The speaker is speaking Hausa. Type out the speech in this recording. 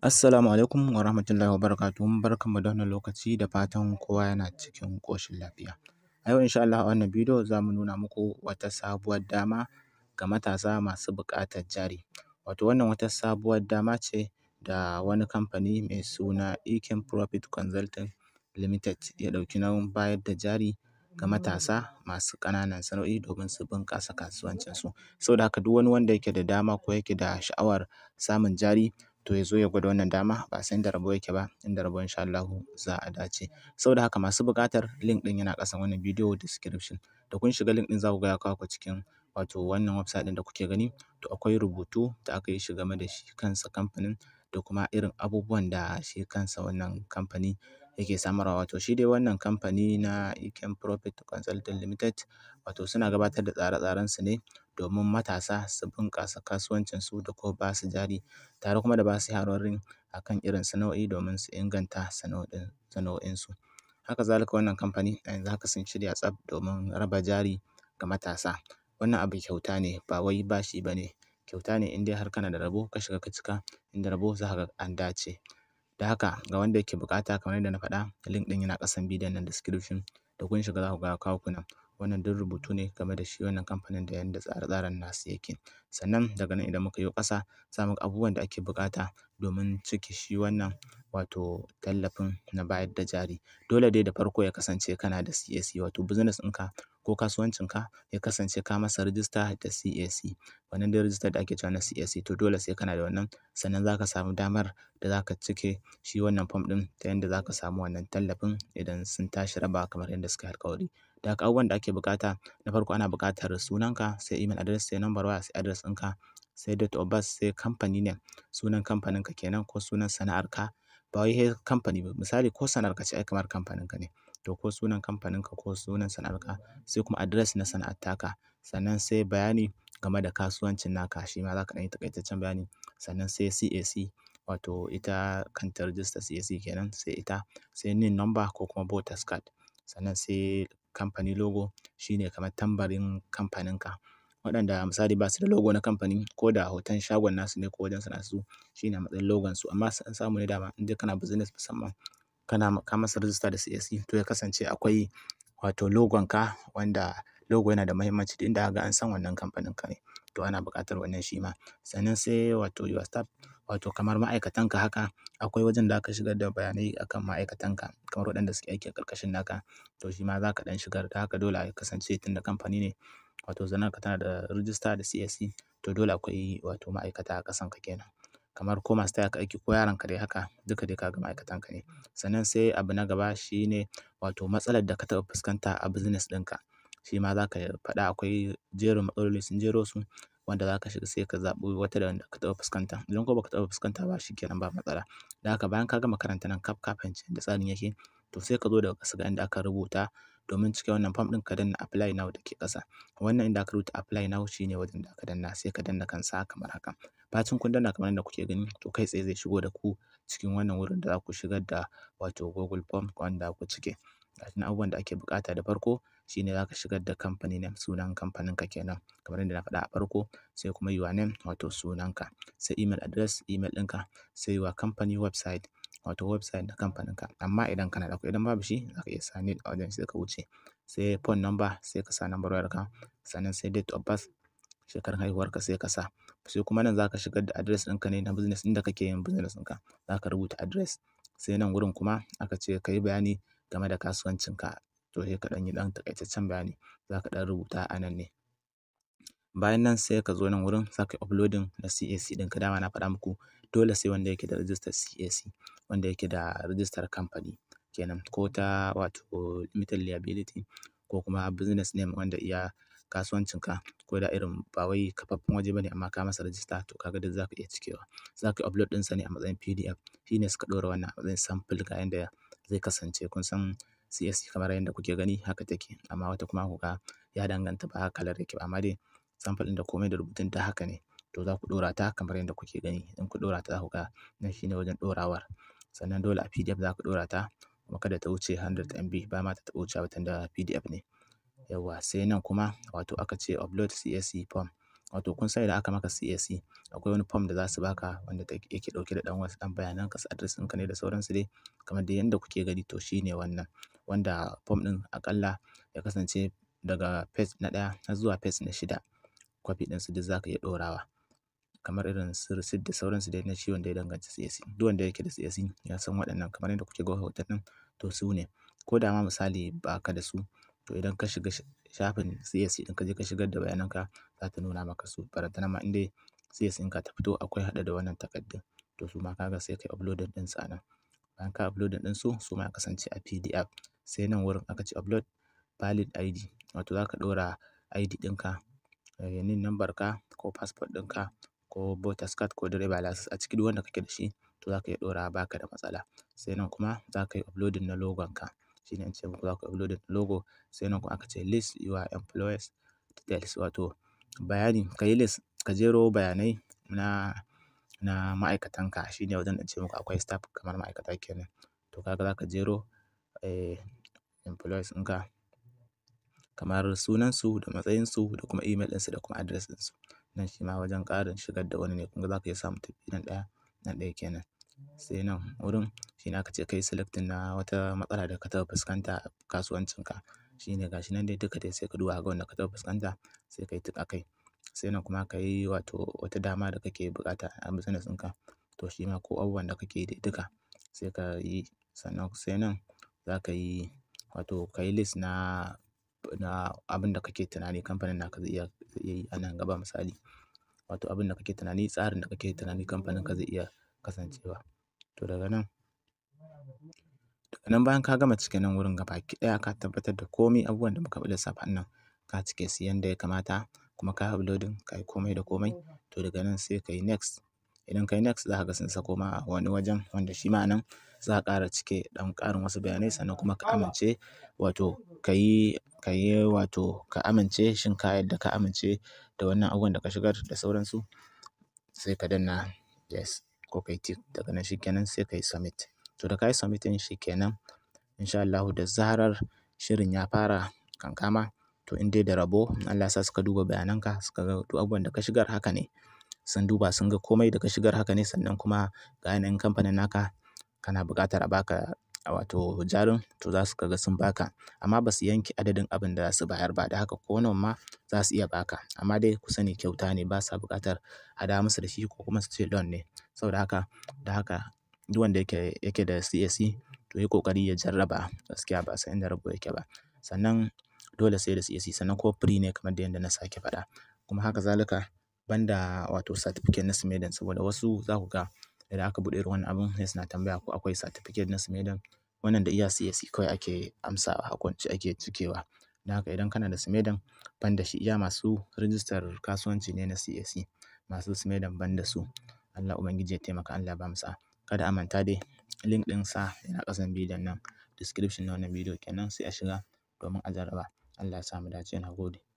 Assalamu alaikum wa rahmatullahi wa barakatuhu. Barkanmu da wannan lokaci da fatan kowa yana cikin koshin lafiya. A yau insha Allah a wannan bidiyo za mu nuna muku wata sabuwar dama ga matasa masu buƙatar jari. Wato wannan wata sabuwar dama ce da wani kamfani mai suna eken Profit Consulting Limited ya ɗauki nauyin bayar da jari ga matasa masu ƙananan sana'o'i domin su bunƙasa kasuwancinsu. Saboda haka duk wani wanda yake da dama ko yake da sha'awar samun jari to ya zo ya gwada wannan dama ba san inda rabo yake ba inda rabo insha Allah za a dace saboda haka masu buƙatar link ɗin yana ƙasan wannan bidiyo description da kun shiga link ɗin za ku ga ya kawo ku cikin wato wannan website ɗin da kuke gani to akwai rubutu da aka yi shi game da shi kansa kamfanin da kuma irin abubuwan da shi kansa wannan kamfani yake samarwa. Wato shi dai wannan kamfani na iken Profit Consulting Limited wato suna gabatar da tsare-tsarensu ne domin matasa su bunƙasa kasuwancinsu da kuma ba su jari tare kuma da ba su shawarwari a kan irin sana'o'i domin su inganta sana'o'in sana'o'insu. Haka zalika wannan kamfani a yanzu haka sun shirya tsaf domin raba jari ga matasa. Wannan abu kyauta ne ba wai bashi ba ne. Kyauta ne in dai har kana da rabo ka shiga ka cika, in da rabo za ka ga an dace. Da haka ga wanda yake buƙata kamar yadda na faɗa link ɗin yana ƙasan bidiyon nan description da kun shiga za ku ga kawo ku Wannan duk rubutu ne game da shi wannan kamfanin da yadda tsare-tsaren nasu yake. Sannan daga nan idan muka yo ƙasa za mu ga abubuwan da ake buƙata domin cike shi wannan wato tallafin na bayar da jari. Dole dai da farko ya kasance kana da CAC wato business ɗinka ko kasuwancinka ya kasance ka masa rijista da CAC. Wannan dai rijistar da ake cewa na CAC to dole sai kana da wannan sannan za samu damar da za ka cike shi wannan fom ɗin ta yanda zaka samu wannan tallafin idan sun tashi raba kamar yadda suka yi alƙawari. Da haka abubuwan da ake buƙata na farko ana buƙatar sunanka sai email address sai number waya sai address ɗinka sai date of birth sai kamfani name sunan kamfaninka kenan ko sunan sana'arka ba wai sai kamfani ba misali ko sana'arka ce ai kamar kamfaninka ne. to ko sunan kamfaninka ko sunan sana'arka sai kuma address na sana'ar taka. Sannan sai bayani game da kasuwancin naka shi ma za ka yi taƙaitaccen bayani. Sannan sai CAC wato ita kanta rijistar CAC kenan sai ita, sai NIN number ko kuma voters card. Sannan sai kamfani logo shine kamar tambarin kamfaninka. Waɗanda misali ba su da logo na kamfani ko da hoton shagon nasu ne ko wajen sana'arsu shine a matsayin logonsu amma an samu ne dama in dai kana business musamman kana ka masa rijista da CSE to ya kasance akwai wato logon ka wanda logo yana da muhimmanci duk inda ga an san wannan kamfanin ka ne to ana buƙatar wannan shi ma sannan sai wato your staff wato kamar ka haka akwai wajen da aka shigar da bayanai akan ma'aikatanka kamar waɗanda suke aiki a ƙarƙashin naka to shi ma za ka ɗan shigar da haka dole ya kasance tun da kamfani ne wato zanen ka tana da rijista da CSE to dole akwai wato ma'aikata a ƙasan ka kenan kamar ko masu taya ka aiki ko yaronka dai haka duka dai ka ga ma'aikatan ka ne. Sannan sai abu na gaba shine wato matsalar da ka taɓa fuskanta a business ɗinka. Shi ma za ka faɗa akwai jerin matsaloli sun jero su wanda za ka shiga sai ka zaɓi wata da ka taɓa fuskanta. Idan kuma ba ka taɓa fuskanta ba shi ke ba matsala. Da haka bayan ka gama karanta nan kaf ka fahimci yadda tsarin yake to sai ka zo daga ƙasa ga inda aka rubuta. Domin cike wannan fom ɗin ka danna apply now da ke ƙasa. Wannan inda aka rubuta apply now shi ne wajen da aka danna sai ka danna kansa kamar haka. Bacin kun danna kamar yadda kuke gani to kai tsaye zai shigo da ku cikin wannan wurin da za ku shigar da wato Google form wanda ku cike. Gashin abubuwan da ake bukata da farko shi ne za ka shigar da company name sunan ka kenan kamar yadda na faɗa a farko sai kuma your name wato sunan ka sai email address email ɗinka sai your company website wato website na ka Amma idan kana da kuɗi idan babu shi za ka iya sa need a sai ka wuce. Sai phone number sai ka sa wayar ka Sannan sai date of birth, haihuwar ka sai ka sa. Sai kuma nan za ka shigar da address ɗinka ne na business inda kake yin business ɗinka. Za ka rubuta address. Sai nan wurin kuma aka ce ka yi bayani game da kasuwancinka. To sai ka ɗan yi ɗan taƙaitaccen bayani. Za ka ɗan rubuta a nan ne. Bayan nan sai ka zo nan wurin za ka yi uploading na CAC ɗinka. Dama na faɗa muku dole sai wanda yake da rijistar CAC wanda yake da rijistar kamfani kenan ko ta wato limited liability ko kuma business name wanda iya kasuwancin ka ko da irin ba wai kafaffen waje bane amma ka masa rajista to kaga duk zaka iya cikewa. Zaka upload upload sa ne a matsayin PDF. Shi ne suka ɗora wannan a matsayin sample ga yanda zai kasance. Kun san CAC kamar yadda kuke gani haka take amma wata kuma kuka ya danganta ba haka kalar yake ba amma dai sample ɗin da komai da rubutun ta haka ne. to za ku ɗora ta kamar yadda kuke gani in ku ɗora ta za ku ga nan shine wajen ɗorawar sannan dole a pdf za ku ɗora ta kuma kada ta wuce 100 mb ba ma ta taɓa wucewa ba tunda pdf ne yawwa sai nan kuma wato aka ce upload csc form wato kun sai da aka maka CAC akwai wani form da za su baka wanda yake ɗauke da dan wasu dan bayanan ka su address ɗinka ne da sauransu dai kamar da yadda kuke gani to shi ne wannan wanda form din aƙalla ya kasance daga page na ɗaya har zuwa page na shida copy din su duk ka iya dorawa kamar irin su risit da sauransu dai na ciwon da ya danganci tsiyasi duk wanda yake da tsiyasi ya san waɗannan kamar yadda kuke ga hoton nan to su ne ko da ma misali ba ka da su to idan ka shiga shafin csc ɗin ka je ka shigar da bayananka za ta nuna maka su barantana ma inda csc ka ta fito akwai haɗa da wannan takardun to su ma kaga sai kai upload din su anan bayan ka upload din su su ma kasance a pdf sai nan wurin aka ci upload valid id wato za ka ɗora id ɗinka yanin eh, nambar ka ko passport ɗinka ko boxer skirt ko direba license a ciki duk wanda kake da shi to za ka iya ɗora da matsala. Sai nan kuma za ka yi uploading na logon ka. Shine in ce muku za ku uploading logo. Sai nan kuma aka ce list your employees details wato bayani ka yi list ka jero bayanai na, na ma'aikatan ka. Shine wajen da in ce muku akwai staff kamar ma'aikata kenan. To kaga za ka jero, eh, employees ɗin kamar sunansu da matsayinsu da kuma email ɗinsu da kuma address ɗinsu. nan shi ma wajen ƙarin shigar da wani ne kun ga za ka iya samun mutum nan ɗaya nan ɗaya kenan sai nan wurin shi ne aka ce kai selecting na wata matsala da ka taɓa fuskanta a kasuwancinka shi ne gashi nan dai duka dai sai ka duba ga wanda ka taɓa fuskanta sai ka yi tuƙa kai sai nan kuma ka yi wato wata dama da kake buƙata a business ɗinka to shi ma ko abubuwan da kake yi duka sai ka yi sannan sai nan za ka yi wato ka yi list na na abin da kake tunani kamfanin naka zai iya iya yi a nan gaba misali. Wato abin da kake tunani, tsarin da kake tunani kamfanin ka zai iya kasancewa. To daga nan, daga nan bayan ka gama cike nan wurin gaba ki ɗaya ka tabbatar da komai abubuwan da muka lissafa nan ka cike su yanda ya kamata kuma ka yi uploading ka yi komai da komai. To daga nan sai ka yi next. Idan ka yi next za ka ga sun sako ma wani wajen wanda shi ma nan za ka ƙara cike ɗan ƙarin wasu bayanai sannan kuma ka amince wato ka yi ka yi wato ka amince shin ka yadda ka amince da wannan abubuwan da ka shigar da sauransu sai ka danna yes ko ka yi tick daga nan shikenan sai ka yi submit. To da ka yi submit ɗin shikenan in sha Allahu da zarar shirin ya fara kankama to in dai da rabo Allah sa suka duba bayananka suka ga duk abubuwan da ka shigar haka ne. Sun duba sun ga komai da ka shigar haka ne sannan kuma ga yanayin kamfanin naka kana buƙatar a baka wato jarin to za su kaga sun baka amma ba su yanke adadin abin da za su bayar ba da haka ko nawa ma za su iya baka amma dai ku sani kyauta ne ba sa buƙatar a dawo musu da shi ko kuma su ce don ne saboda haka da haka duk wanda yake da CAC to yi ƙoƙari ya jarraba gaskiya ba san inda rabo yake ba sannan dole sai da CAC sannan ko free ne kamar da yanda na sake faɗa kuma haka zalika banda wato certificate na Smeden saboda wasu za ku ga idan aka buɗe irin wannan abin sai suna tambaya ko akwai certificate na Smeden Wannan da iya CAC kawai ake amsawa a kwance ake cikewa. Don haka idan kana da Sumedan ban da shi, iya masu rijistar kasuwanci ne na CAC. Masu Sumedan ban da su. Allah Ubangiji ya taimaka Allah ba mu sa'a. Kada a manta dai link sa yana kasan bidiyon nan. Description na wannan bidiyo kenan sai a shiga domin a jarraba. Allah ya sa mu dace. Na gode.